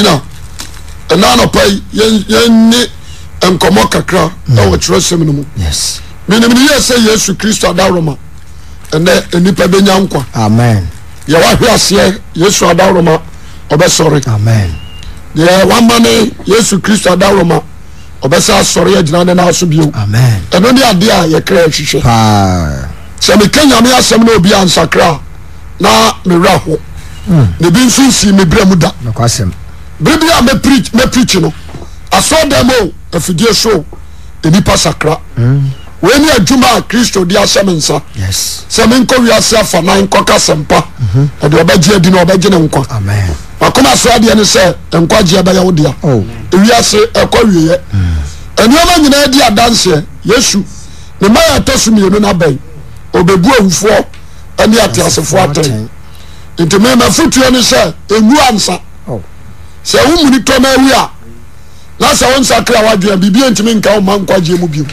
non ɛna anɔpa yi yɛnni nkɔmmɔ kakra mm. ɛwɔ kyerɛsɛm no mu menim ne yɛ sɛ yesu kristo adawroma ɛnɛ nnipa bɛnya nkwa yɛwahwe aseɛ yesu ɔbɛsɔre deɛ wama ne yesu kristo ɔbɛsɛ asɔre agyina ne aso bio ɛno ne a yɛkra na obi ansakra na mewerɛ ho mm. ne bere berɛ a mɛ predch no asodam o afiie o npa sakra mm. i awua kristo sa ɛmenɔise faspaɛeɛene nkwa sdɛ ɛ nkwaɛɛdea sekɔiɛ na yina nɔfo ɛ swo muni tonwia nase wonsakra wan bibintimiaankgm b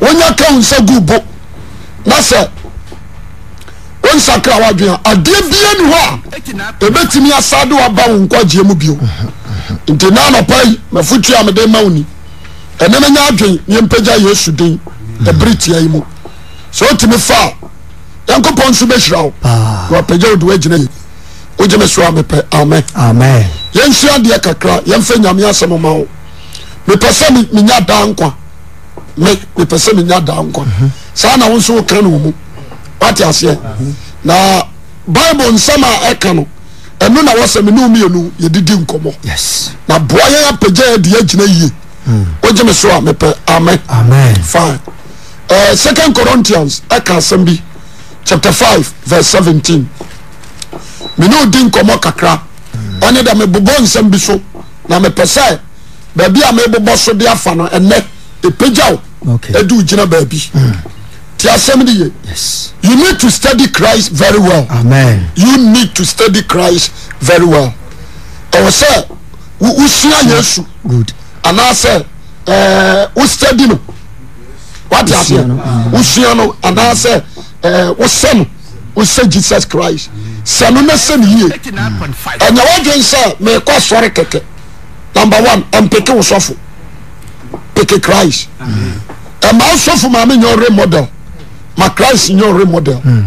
woyakeo nsa gbo nse wosakra wan adɛ bini ho bɛtimi asade wbao nkogim bi nti nanpi mfotamedemani ɛnemnya aden mpgya ysuden bretiamotimi fa yankopɔn so beherapyagi wogeso amepɛ yɛ suadeɛ kakra yɛmfɛ nyame sɛm ma wo mepɛ sɛmeaaɛɛeaɛ mhm. mhm. bible nsam a ɛka no ɛn nawsme nenɛdoa ɛapga dɛgip s corintians ɛka asɛm bi 5 mene odi nkɔmɔ kakra ɔne dɛ mebobɔ nsɛm bi so na mepɛ sɛ baabi a mebobɔ so de afa no ɛnɛ ɛpegya wo duwogyina baabi hmm. tiasɛm de ye o vv ɛwɔ sɛ wosua ya su anasɛ wo stdy no ɛwosua anɛ wosɛ o wosɛ jesus christ sɛ no na sɛ ne yie ɛnyɛ wodwen sɛ meekɔ asɔre kɛkɛ number one ɛmpeke wo sɔfo peke christ ɛma wo sɔfo maame nyɛ ɔre model ma christ nyɛ ɔre model hmm.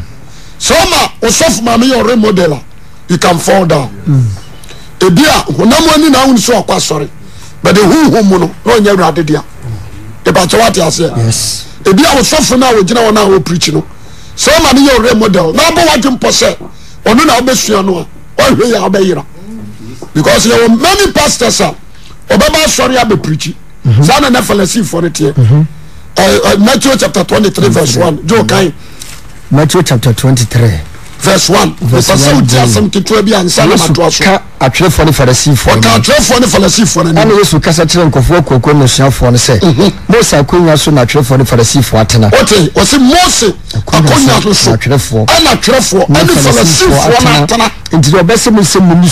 sɛ ɔma wo sɔfo maame yɛ ɔre model a you can fall down hmm. ebi a honam ani na ahun so ɔkɔ asɔre but ehuhu mu no na ɔnyɛ awurade dea ìbàkyɛ hmm. wate aseɛ ebi a wo sɔfo na a wogyina wɔn a wɔ pirikyi no. sɛoma ne yɛ ɔere model na wabɔ w'adwe mpɔ sɛ ɔno na wobɛsua no a whweia wɔbɛyera because yɛwɔ many pastors a ɔbɛbɛ asɔre abɛprigyi saa na nɛ faliseefoɔ no teɛ matew chap 23 v1 jowo ka matew chap 23 vsɛ ote asɛm ketea biansɛsuska atwerɛfoɔ ne farisffɔ nfrfɔne ɛsu kasa kyerɛ nkɔfuɔ koko nasuafoɔ no sɛ mhm. mos akona so naatwerɛfoɔ ne farisefoɔ tenamosaɔnɛfɔfɔnbɛsm sɛ mun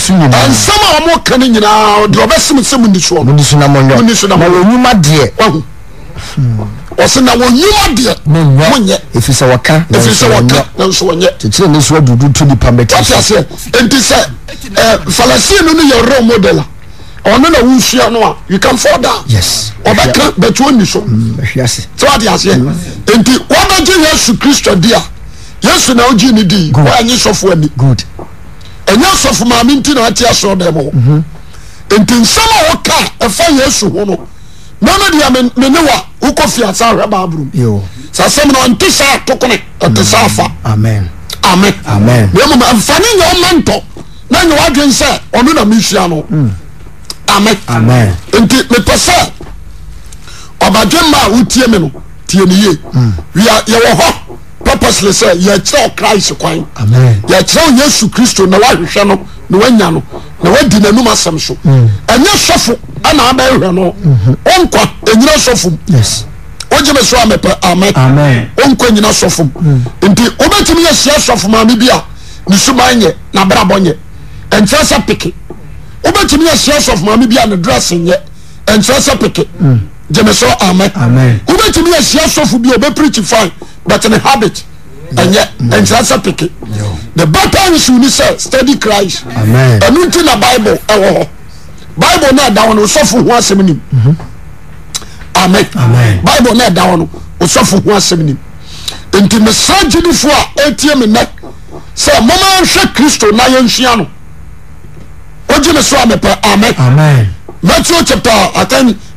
kauma deɛ ɔsɛ na wɔn nyuma deɛ wɔn nyɛ efi sɛ wɔka efi sɛ wɔka nanso wɔn nyɛ titiri ne so adudu tu nipa mɛ ti sɛ eti eh, sɛ ɛɛ falasini no yɛ role model a ɔno na wusua no a you can fall down yes ɔbɛka bɛtu oni so tí mm, wàá di aseɛ mm. nti wàbɛgye yesu kristo di a yesu na ogye ni di wàá nye sɔfo ani ɛnyɛ sɔfo maame nti na ɔte asɔ dɛm o mhm. nti nsɛm a wɔka ɛfa yesu ho no mẹ́mi di yà mí ní wa wúkọ́ fi àṣà rẹ̀ bá a buru sàṣẹ́mi náà ntí sá àtọkùnrin ọ̀tí sá àfa mm. amen amen amen wọ́n mu nfani yẹn ọmọ ntọ́ náà yẹn wá dùn sẹ́ ọ̀nù nà mí sùn àná amen amen nti mepẹ sẹ́ ọ̀bàdìmọ̀ a wọ́n tiẹ̀ mi no tiẹ̀ nìyẹ yẹ wọ̀ họ́ purposely sɛ yɛkyerɛ christ kwan yɛkyerɛ yesu kristo na wahwehwɛ no na wanya no na wadi n'anum asɛm so mm. ɛnyɛ sɔfo ɛna abɛhwɛ no mm-hmm. ɔnkɔ ɛnyina sɔfo mu wogye me so amɛpɛ amɛ ɔnkɔ nyina sɔfo mu mm. nti wobɛtumi yɛsia sɔfo maame bi a ne suman nyɛ n'abrabɔ nyɛ ɛnkyerɛ sɛ peke wobɛtumi yɛsia sɔfo maame bi a ne dress nyɛ ɛnkyerɛ sɛ peke mm. misia sfo biobɛpreci fain buten habit yɛ nkyirɛ sɛ pike e batesni sɛ study christ ninabiblea gidif menɛ sɛ momahwɛ kristo na yhia no oge mesoampɛ m matuoɛpɛ an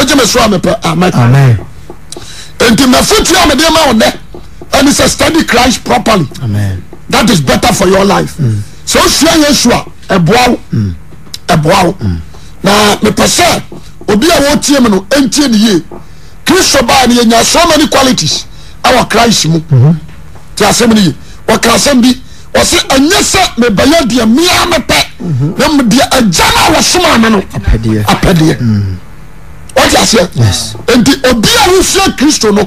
ogyeme soa mepɛ nti mefota medema won ne se study christ properly that is better for your life spmn cristo ba nyya so many qualities aw christ musyse mebayɛ d mia mep gamawsomaame no apɛde n wosa kristo no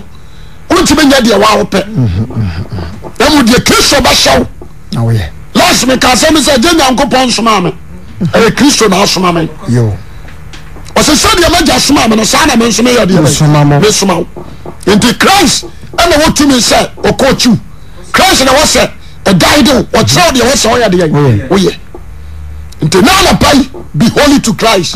ydd kristo ɛw s ekasɛgy yakpɔ stdcis asɛ ki isnɛɛ np be holy to christ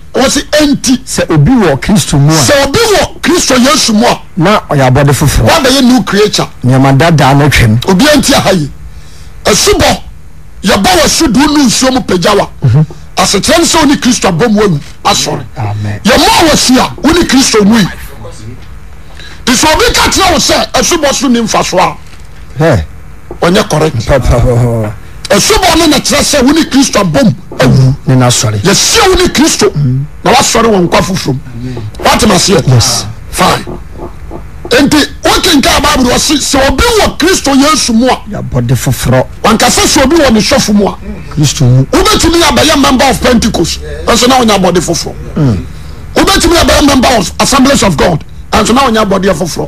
ɛobwɔ kristo yɛsmudayɛ ncreatobni ahayi asubɔ yɛbɔ wɔ asodoo nu nsuomu pagyawa mhm. asekyeɛme sɛ wo ne kristo abɔ mu awu asɔre yɛmɔa wɔ si a wone kristo mu yi i sɛ obi ka tena wo sɛ asubɔ so ni mfa so a ɔnyɛ korrect asobɔ no nekyerɛ sɛ wone kristo abom ysi wone kristo nwr fofoɔsɛeɛobwɔ kristo yas mu a fofo asɛ ɛ bwɔ nehfo mu a f assbls of g nydɛ fofo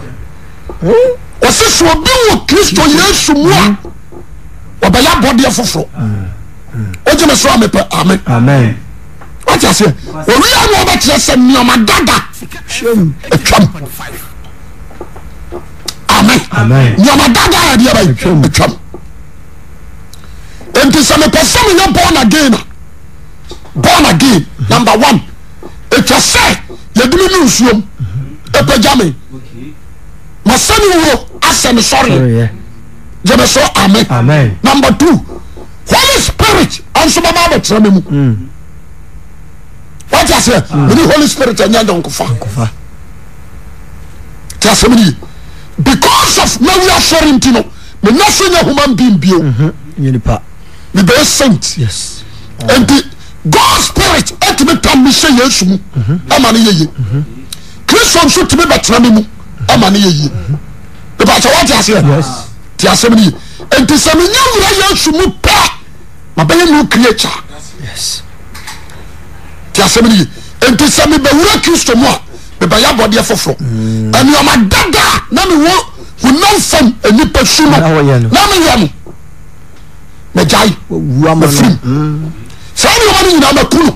osesɛo biwo kristo yesu mua wobɛya bɔdeɛ foforo ogje me seroamepɛ ame atasɛ oria me obɛkyerɛ sɛ moma daga tam amen mma daga adeɛba ɛtwam enti sɛ mepɛ sɛ mine bon again a bon again mhm. numbe one etwa sɛ yɛdimi nusuom epe gja me asenewo asene sore jemeso ame numbe two holy spirit n eteramm en holy spirity because of naisoren ensey homa bbo ebe sant nt god spirit eteme tamiseysumu mnyeye mhm. mhm. rsno tmeetea amaneye yee ebajawa tiaseye tiasemineye inte se meye wur ye mm. su mu pa mabeye nu okirie ca tiasemineye inte se mebawur kisto ma mebayabodie foforo aneoma dada na mewo unanfom anipo sumu nameyemo mejai mefrim sa miyowoni yenama pulo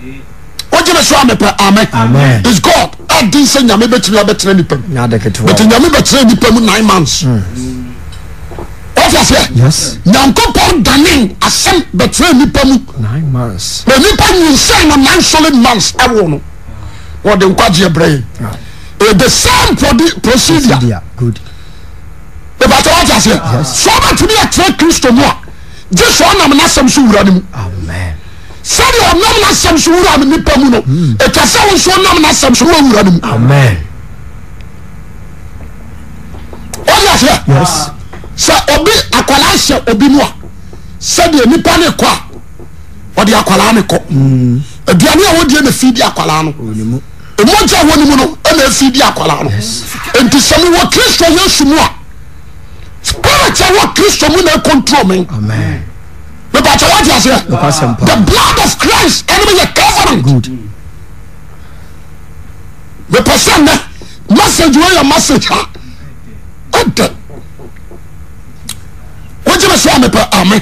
ogyemɛ oaɛnt faseɛ nyankpɔ dane asɛm bɛteranipa mu hmm. nipa wusɛ no ninsole months aw no dsapodfasɛ so bɛtumi yɛtera kristo mu a gye so o nam no sɛm so wura ne mu sani ɔnam na asɛm wura mi nipa mu no hmm. etwa sɛ wɔn nso ɔnam na asɛm so wura no mu. amen. ɔyɛ ahyɛ. yes. sɛ obi akwadaa hyɛ obi mu a sɛdeɛ nipa ne kɔ a ɔde akwadaa ne kɔ. Hmm. aduane a wɔde na fi di akwadaa no emu a wɔn no na fi di akwadaa no nti sɛm wɔ kristo yɛ sumu a spirit a wɔ kristo mu na control mi. amen. the bloo of crist eneye gveant epesenne masage eyomesaha eemesoame ame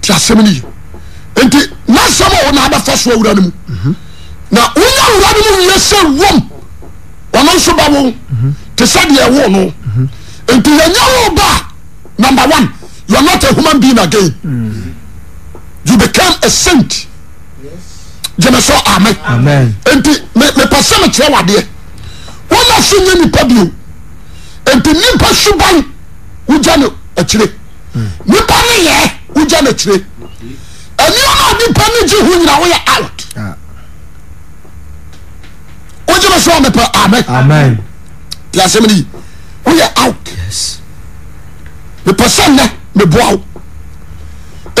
taseminey ente nasemonbefa suwawrnm na oya wura nmese mhm. wom anenso bawo mhm. tese dwon mhm. ent eyarba numbe one yonot ahuman bean againe mm. oubecame a saint jemeso m nt mepo sen mekyere wadeɛ wonsoyenipa bio enti nipa suba wojane akre mipa neye woan r nnnpa neeho yenawoyɛ ot ojemep oyɛ t eposenn eb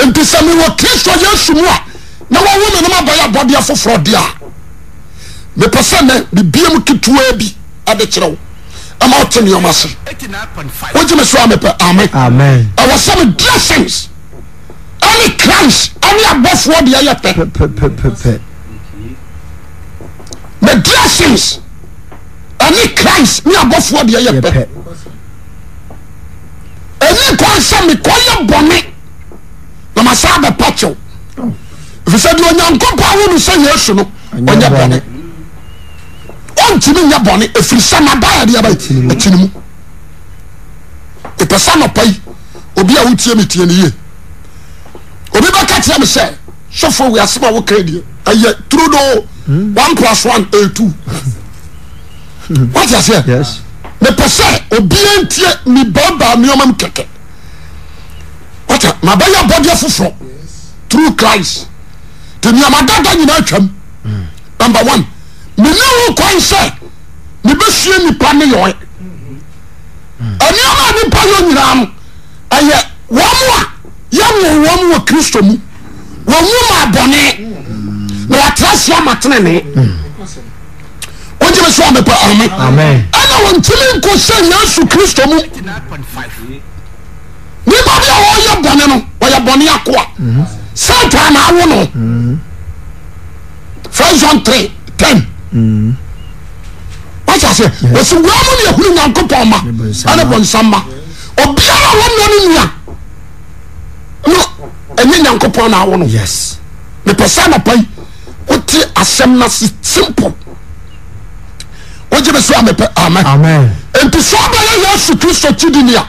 nti sɛ mewɔ kristo yesu mu a na wɔwo ne nom abɔyɛ abɔdeɛ foforɔ deɛ a mepɛ sɛ nɛ bibiam ketewaa bi ɛde kyerɛ wo ama wote nneɔma ase wogye me so a mepɛ ame ɛwɔ sɛ me dressings ɛne crans ɛne abɔfoɔ deɛ yɛ pɛ me dressings ɛne crans ne abɔfoɔ deɛ yɛ pɛ ɛni kwan sɛ mekɔyɛ bɔne ma saa bɛpa kyɛo fi sɛ de onyankupɔn honu sɛ ye su no ɔnyɛ bɔne ɔntimi yɛ bɔne ɛfiri sa nabayadebaatinimu epɛ sa nɔpai obi a wotie mitieneye obi bɛka tiɛ me sɛ sofo weasma awokdiɛ yɛ turudo hmm. plus 1n a2 wtasɛ epɛ sɛ obiantie miba ba miɔma mu kekɛ wata mabɛyɛ bɔdeɛ foforɔ through christ nti nneɛma dada nyinaa atwam number one mene ho kwan sɛ mebɛsue nipa ne yɛɔe nneɛma a nipa yɛ nyinaa no ɛyɛ wɔn a yɛwo wɔn wɔ kristo mu wɔwu ma bɔne na wɔatra se ama tenene wogyeme so a mepɛ ame ɛna wɔntimi nkɔ sɛ yesu kristo mu nipa bia wɔyɛ bɔne no yɛ bɔne akoa santa naawo no fison3e tm wacs samo ne ahuro nyankopɔn ma anebɔnsam ma ɔbiara womɛ no nua no ɛnye nyankopɔn naawono mepɛ sɛnapai wote asɛm na se simple oge ɛsoyɛ yes risto idina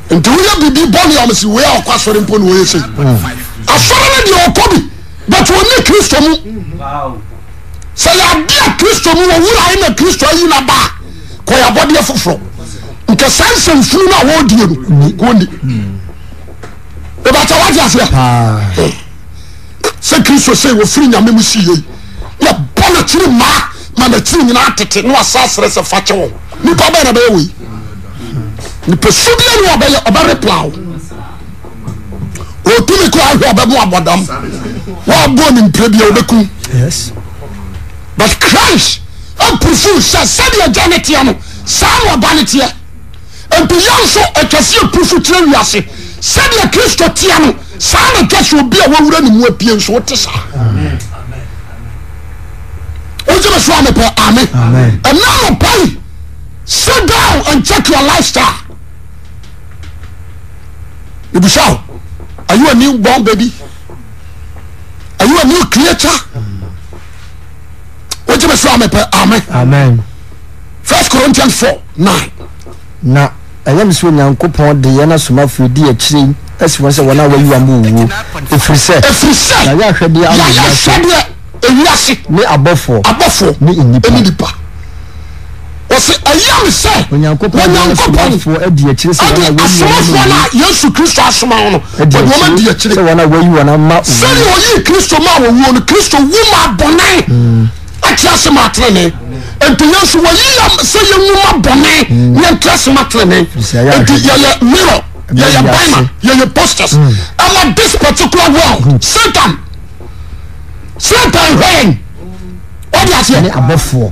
d sre di but one kristo mu se yadea kristo mu wra kristo yin ba e fofor sasmfunor psodia nɛbɛrepla mikanimra aobɛ but crist apurofo sɛ sɛdeɛ gyene teɛ no saa na ɔbane teɛ mpiyɛ nso ɔtwase apufo terɛ wiase sɛdeɛ kristo teɛ no saa ne twasɛ obi a wwura nemuapiesowotesamɛo b bac ɛso f corintians 49 na ɛyɛ me sɛ onyankopɔn de yɛno asomaforɔ di akyerɛ asifɔ sɛ wɔn wayiwa mu wuoɛfɛ ɛyam sɛ onyankopɔn ɛde asomafoɔ no a yesu kristo asoma ho no ɔde ɔma di akyire sɛdeɛ ɔyii kristo ma wɔwuo no kristo wo ma bɔne hmm. akyerɛ se ma atenene nti yesu wɔyi yam sɛ yɛwu ma bɔne ne ntrɛ se ma atenene nti yɛyɛ mirror yɛyɛ bima yɛyɛ posters ama hmm. this particular world hmm. satan satan hwɛn ɔde aseɛ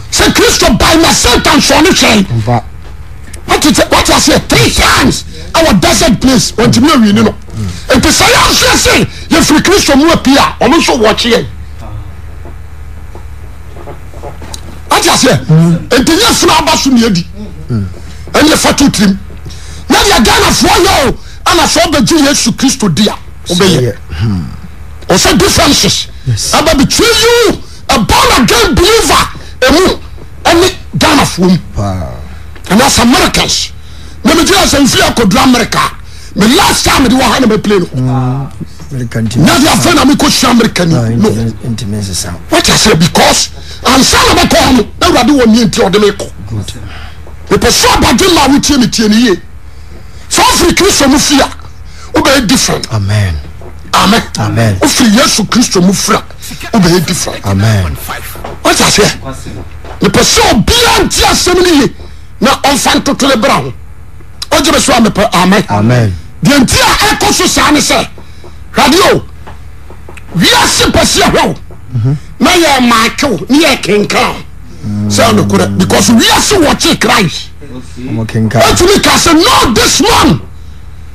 sɛ kristo by na satan sɔɔne hwɛn wate aseɛ three times ɛwɔ desert place ɔntimi na wiini no mm. nti sɛ yɛasoɛ se yɛfiri kristo mu apii a ɔmo nso wɔkyeɛ wate aseɛ mm. nti nyɛ funu aba so ne adi mm. ɛnyɛ fa to tirim na deɛ ghanafoɔ yɛ o ana sɛ ɔbɛgye yesu kristo di a wobɛyɛ hmm. ɔsɛ differences aba between you a born again believer mune gana foom anse americas emei semfi kodo amerika me lasmhpnnams erkan because ansanae nmeko eposobaemawoti metien soofre kristo mu fie obe different e ofere yesu risto tse mepɛ sɛ bia nti asɛmi ni ye ne ɔmfa ntotore bra ho ogye be soa mep ama deɛ ntia ako so saane se hadeo wiase pasia ho meyɛ mhm. make neyɛ kenka sɛ ankore mm. because wiase wokhe kraeetimi ka se no disman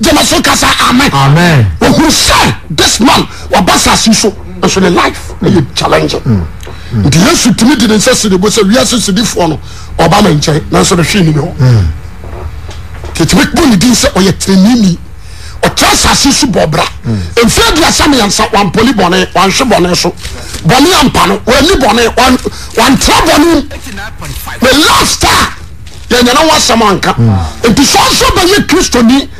oaasa isman ba ses so oe ɛ challengsu mi a yaɛɛ ison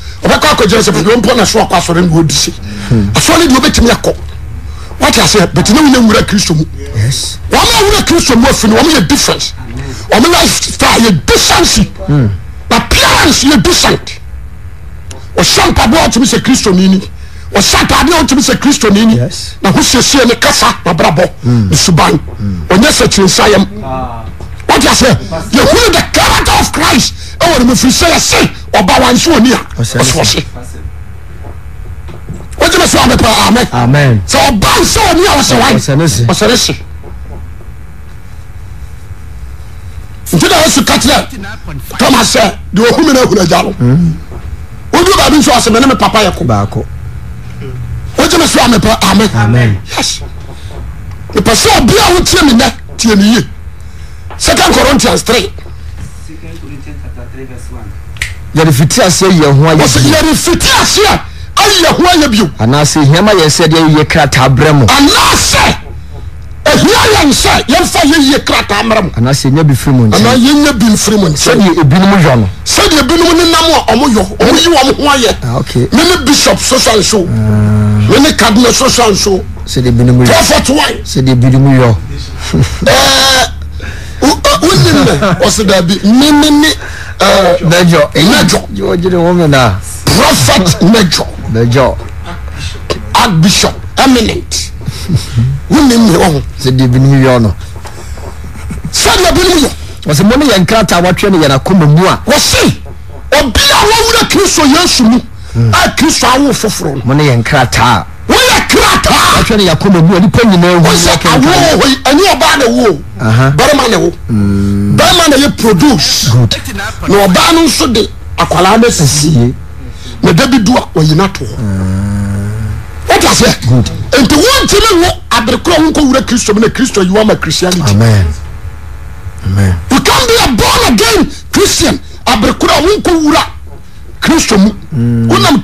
ɛtimi u w risto mu istoae aaae sua ye sa krisam tsɛ yehune the caracter of christ wemefri sɛ yse bawnsɛn s wp sɛansɛn snse tisukarɛ toma sɛ ehmnhgyal d bai ssmenem papayɛk gmsowp ɛsɛ tmin sd corintians 3 yɛre fitiaseɛ y yɛre fitie aseɛ ayi ho yɛ b ɛhiama yɛ sɛdeɛɛyekraa r manasɛ hia yɛnsɛ yɛmfa yɛye krata r m ɛɛfmyɛa bifimɛɛ sɛdeɛ binom n nama eh, ɔmɔɔmy hoayɛ mn bishop sosuans mn kadna sosanspt wóni mẹ ọsẹ dàbí mímímí ẹ mẹjọ mẹjọ yóò jí ni wọn mi na prophet mẹjọ mẹjọ archbishop eminent wóni mẹ ọhún. sẹ di ibi ni yíyọ ọnà. sani ẹbí ni yẹ. ọsẹ mọ ni yẹn nkrataa wàá twẹ ni yẹn akọ mọ mu a. wọ́n sè obi a wọ́n wúlò kí n sọ yẹn sùn mu a kì í sọ àwọn foforo. mo ni yẹn nkrataa. ao na nsode akara nsie ne dabid yina anta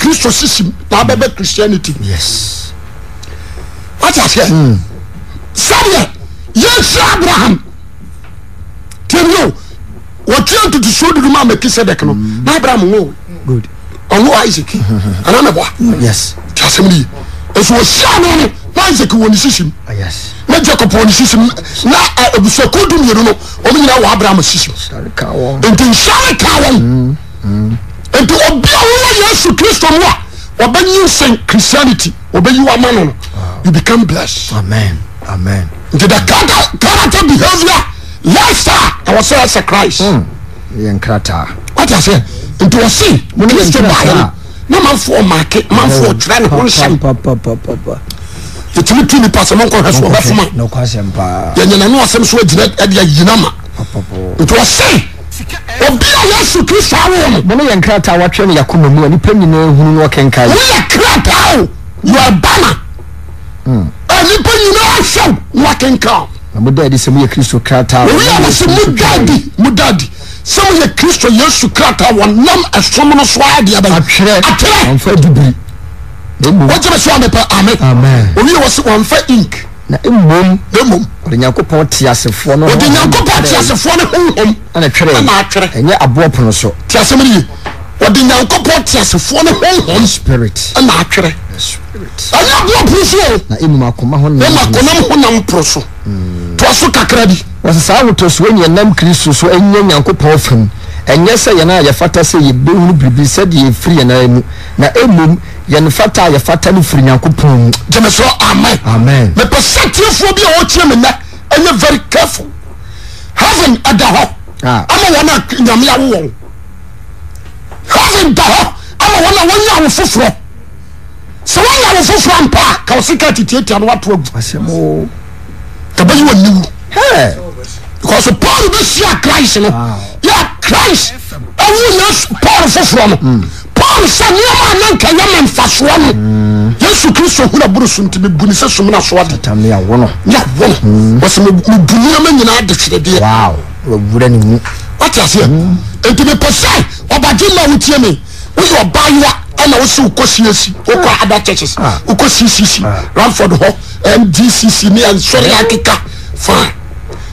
kristo ses christianit wati aseɛ sɛdeɛ yɛnhyɛ abraham tɛmio wɔtua ntotosuo dudu ma melkisedek no hmm. na abraham wo ɔno isaac anaa mɛboa ti asɛm no yi ɛso wɔhyia no no na isaac wɔ ne sisim na jacob wɔ ne sisim na abusuakuo du mmienu no ɔmo nyinaa wɔ abraham sisim nti nhyɛ ne ka wɔn nti obi a wɔwɔ yesu kristo mu a you sɛn christianity ɔbɛyi you ma no you become blessed. amen amen. nti the character character behavior lifestyle ɛwɔ sɛ ɛsɛ christ. wati hmm, ase nti wɔ se baayɛ no na man fɔ ɔmaake man fɔ ɔtwerɛ ne ho nsɛm. yɛtumi tu nipa sɛ mɔnkɔ so agyina ɛde obi a yesu kristo aw mon yɛ krataa woaɛ noy a ni nynmoyɛ krataa o ybama hmm. nipa nyina ahwɛ n wnaw sɛ ma sɛ moyɛ kristo yɛsu krataa ɔnam som no so adeɛf d yankpɔn tasfoɔ ɛ aboponso r saa hotsoonynam kristo so yɛ nyankopɔn fam ɛnyɛ sɛ yɛnayɛfata sɛ yɛbehuno biribi sɛdeɛ yɛfiri yɛna mu na mo yɛne fata a yɛfata no firi nyankopɔnm gyemeso pɛsɛ tiefu biaɔkye men ɛyɛ vr caef v da h amanyayawow hya wofoforɔ s ya awofoforɔ mpa wosk tititianwgu kabɛywnwu because paul bɛ si a christ no yɛ christ ɛwu na paul foforɔ no hmm. paul sɛ nneɛma a nanka yɛ ma nfasoɔ no hmm. yesu kristo hura buru so nti mebu ne sɛ som no soɔ de yɛwono hmm. wɔsɛ mebu nneɛma nyinaa de hweredeɛ wate aseɛ enti mepɛ sɛ ɔbagye ma wotie me woyɛ ɔbayewa ɛna wosi wokɔ siesi wokɔ ada ah. churches ah. wokɔ ccc ah. ramford hɔ mdcc ni ansɔre akeka fine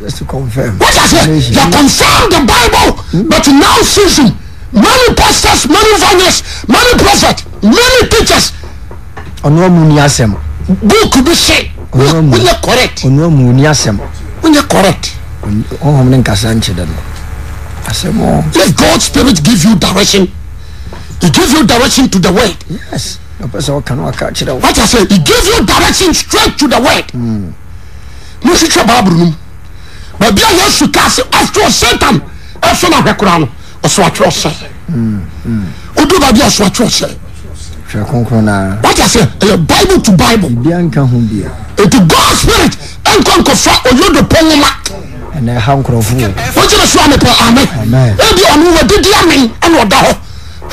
eua babiayasu kase at satan seno h kra sotɛ se sokrɛs nt go spirit konka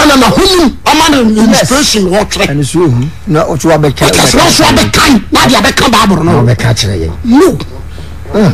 yd pomandme nhunaa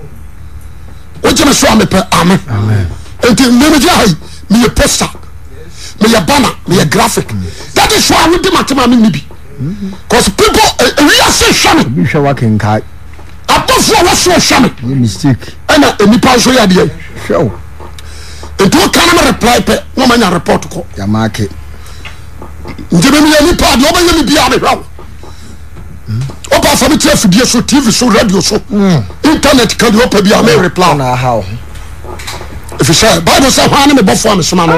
este meye poster meye bana meye graphic tatis wywedemtmnebbel wise me waso samen ni d tkn eplye mnemb wọ́n bá sami tiẹ̀ fìdíẹ̀ so tv so radio so internet kan di wọ́n pẹ̀ bi àmì reply. efisɛ bible sɛ hwan ne me bɔfoɔ a me soma no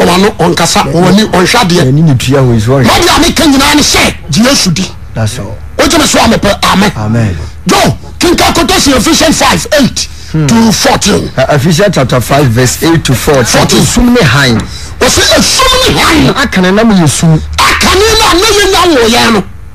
ɔwa no ɔnkasa ɔwani ɔnhwadeɛmade a meka nyinaa ne sɛ gye yesu di wogyeme so a mepɛ amɛ jo kenka kotosi efesian 5 8 to 14 efesian chapter 5 verse 8 to 14 esum ne han wɔsɛ esum ne han akane na meyɛ sum akane na na yɛnya wɔyɛ no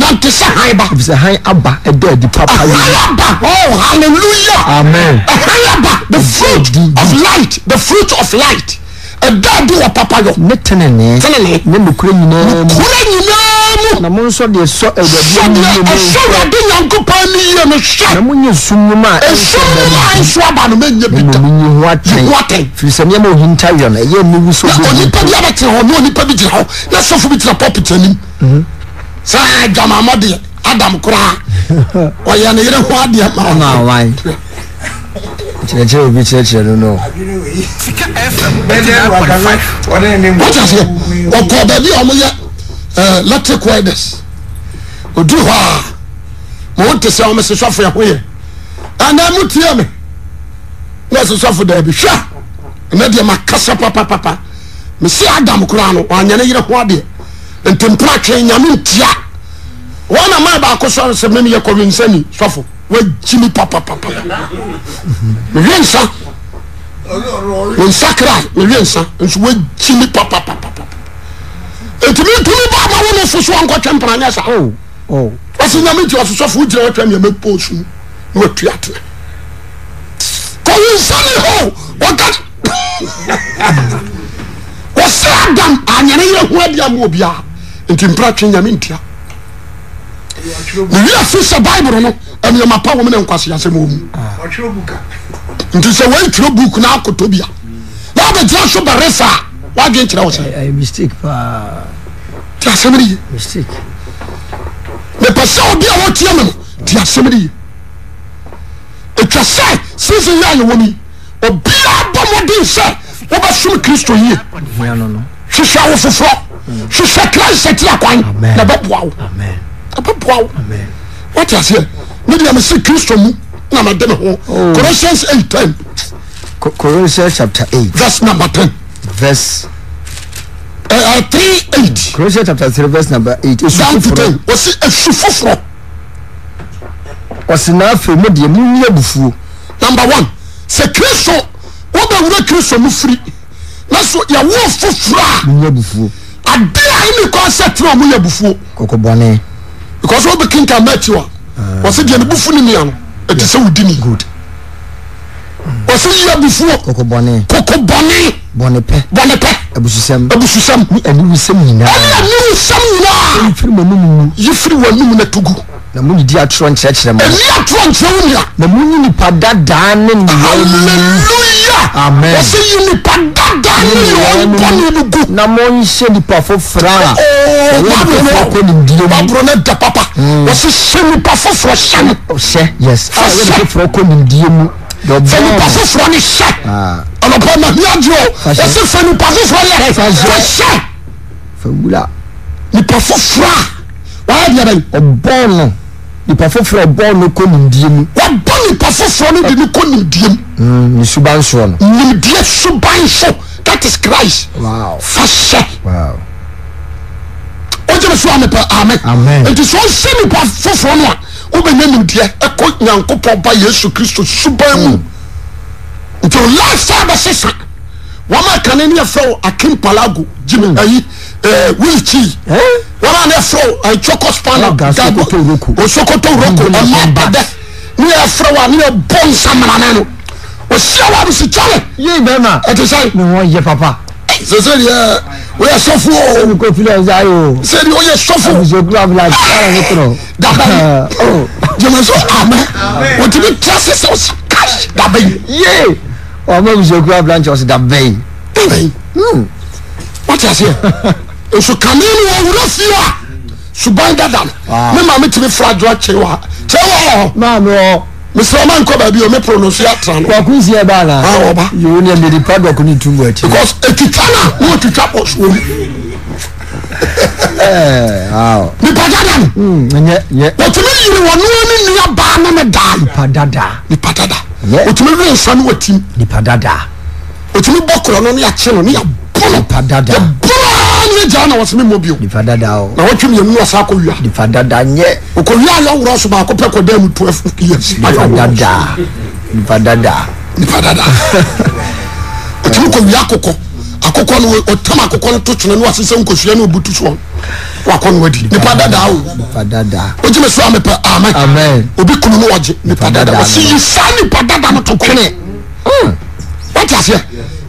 ɛ ba dae oh, frui of liht aa yinaamuded yankɔ y o bany n e n iia f biaoni sa dwama mɔdeɛ adam koraa ɔyɛne yere ho adeɛ masɛ ɔkɔ ba bi omoyɛ latiqoides odu hɔa moote sɛ womesesuafo ɛhoyɛ ana mutie me ne sesuafo dabihwa ɛna deɛmakasɛ paa mese adam ora ayane yere ho adeɛ nti pra te nyame ntia ana ma bako sorsmɛ nsan m am nti mt ba n sosotwe praan sa a yayer hbmb nti mpra twe nyame ntiaewia fisɛ bible no nuama paoe kseysɛ ntisɛ wtwirɛ bk nɔbia nabegia so baresa wde kyerɛo asɛreye epɛ sɛ obia wotia muno ti asɛmre ye twa sɛ season eaywomeyi obiabɔmb sɛ wobɛsom kristo yie hweswɛ wo foforɔ hewɛkra sɛtiawanase dmese kristo mu nmaemh0s asu foforɔnafm n sɛ kristo wob kristo mo fri naso yɛwo foforɔ a ade a ɛne kɔ sɛ tena ɔmo yɛ bufuo koko bɔne because wɔn bɛ kinka mɛkyi wa wɔsi deɛ ne bufu ne mia no ɛti sɛ wodi ni good wɔsi yɛ bufuo koko bɔne koko bɔne bɔne pɛ bɔne pɛ abususɛm abususɛm ni ɛni wisɛm nyinaa ɛni ɛni wisɛm nyinaa yifiri wɔn numu yifiri wɔn numu na tugu. Oh, mm. oh, ah. o nyerɛ on nupa yɛ npaofr ɛ nupa fofor npa ofor ne hɛ pa o npafo wàhálà yàrá yìí ọ̀bọ́n no nipa foforɔ ɔbɔn no kɔ nimdie mu. wabɔ nipa foforɔ no de ne kɔ nimdie mu. Hmm, ni suba nsoɔ no. nimdie suba nso that is christ. wow fa wow o jẹ́ sọ àmì pẹ̀ amẹ́. amen sọ ṣe nipa foforɔ no a o bɛ nye nimdie ɛkɔ nyankopɔ ba yesu kristo suba mu nti o laasa bɛ sisan wɔn a kan ní ɛfɛ o jimmy ayi. Mm wheel key wọn a na foro choco spanner gago osokoto roko ọmọ abadẹ ni yẹ foro wa ni yẹ bọ nsamana nanu osi awa bisi kyale. yé bẹ́ẹ̀ma ẹ ti sẹ́yìn. ni wọ́n yẹ papa. sese de yẹ o yẹ sọfún o. sẹ́ni kò fi lọ́ọ́ sáyé o. sẹ́ni o yẹ sọfún. àbùsọ̀ kúrò àbúlà ah! sára oh. ní kúrò. dabali jẹmọsọ amẹ o ti bi tẹ sẹsẹ o si káyì dabali. yé ọmọ àbùsọ̀ kúrò àbúlà ń sọ sí dabali. dabali wọ́n ti à se yẹ nso kane no wɔwura fie a suban dada no me ah. ma metumi fra adwoa kyɛ wɔ kyɛ wɔ maame mesrɛ ma nkɔ baabi o me pro no so yɛatra no wako sie ba ah, na wɔba yɛwo ne mede pa dɔko ne tum akyi because ɛtwitwa no a na ɔtwitwa pɔ soɔ mu nipa dada no wɔtumi yiri wɔ noa ne nnua baa no ne daa nipa dada nipa dada wɔtumi we nsa no watim nipa dada wɔtumi bɔ korɔ no ne yɛkye no ne yɛbɔ no nipa dada ne gyaa na wɔsɛmɛ mɔ bio nifa dada o na wɔtwe mmienu wɔ saa akɔ wia nifa dada nyɛ okowia ayɛ wura so baako kɔ dɛm twelve years nifa dada nifa dada nifa dada ɔtumi kɔ wia akɔkɔ akɔkɔ no ɔtam akɔkɔ no to twene no asesɛ nkosua no obutu soɔ wakɔ no adi nipa dada o nipa dada ogyeme so amepɛ amen amen obi kunu no wɔgye nipa dada wɔsi yi saa nipa dada no to kwene wɔte aseɛ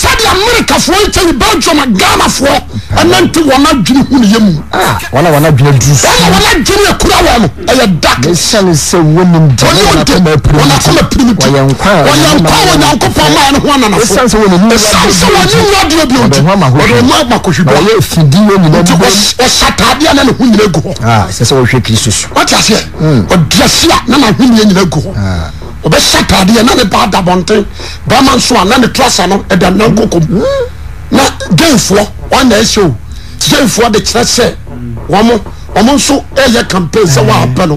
sade amerikafoɔ ntɛrebelgiuma ghanafoɔ ɛna nti wɔne adwene hu nea mumne wane agwene akura wa no ɛyɛ daknne kma pirimu yɛnka wonyankopɔn maɛno ho ananafosane sɛ woanim no adenɛbiodideho makhɛt ɔsyataadeɛ na ne ho nyina agu hɔwaseɛ ɔdeasea na na honeɛ nyina agu hɔ ah. bɛsatadeɛ nane badabt bama nso nane tase n dna fɛf dkyeɛɛyɛcampan sɛɛɛasnonafoɔ de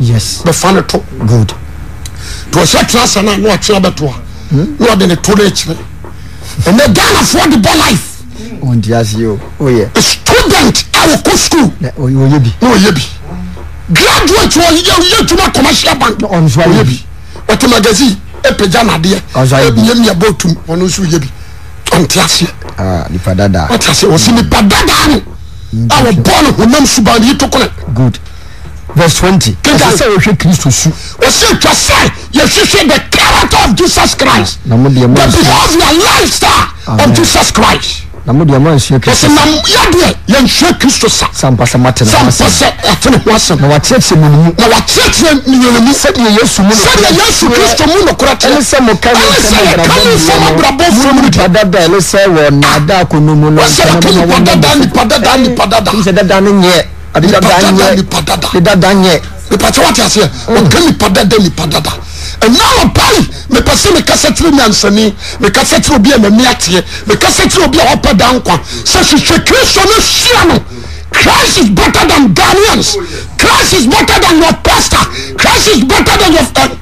bɔif stdent ao scoln graateyɛ wmacoecla bank te magasine ɛpagya naadeɛ miamiabɔtum ɔn nso ia bi ntaɛnɛ s nipa dadaa no a wɔbɔ no honam subadeyi to konase twa sa yɛhwewɛ the character of jesus christbu because yoa life starof jesus christ y ɛ wnadam napi mepɛsɛ mekasatreieaewɛrso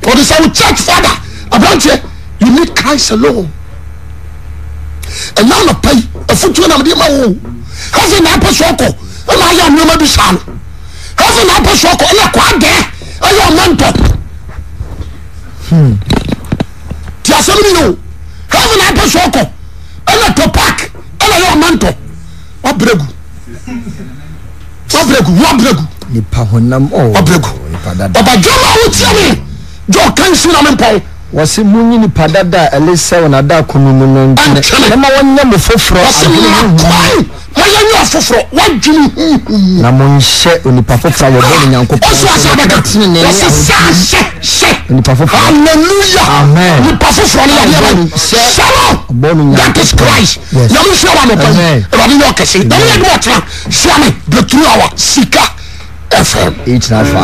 o cisisaii tí a sẹ́mi yìí o heaven náà pèsè ọkọ̀ ẹnna tó park ẹnna yọ ọmọ ntọ wà bẹrẹgù wà bẹrẹgù wà bẹrẹgù. nípa honam ọ̀ọ́ ọ̀bẹrẹgù ọ̀bàjọ́ máa wò tiẹ̀ mi jọ kẹ́hìn sí wɔsi mu nyi nipa dada a ɛle sɛ wɔn ada kunu mu no ntene ɛma wɔn nyɛ mo foforɔ adwene huhu wɔyɛ nyɛ foforɔ wɔadwene huhu na mo nhyɛ onipa foforɔ a wɔbɔ ne nyanko pɔn ɔsɔ asɛ bɛka wɔsi sɛ ahyɛ hyɛ onipa foforɔ hallelujah amen nipa foforɔ no yɛ yɛ hyɛ sɛlɔ ɔbɔ ne nyanko that is christ nyame hyɛ wa mo pɛn ɛwɔde yɛ ɔkɛse nyame yɛ de wɔtena hyɛ me breakthrough awa sika fm eight nine five.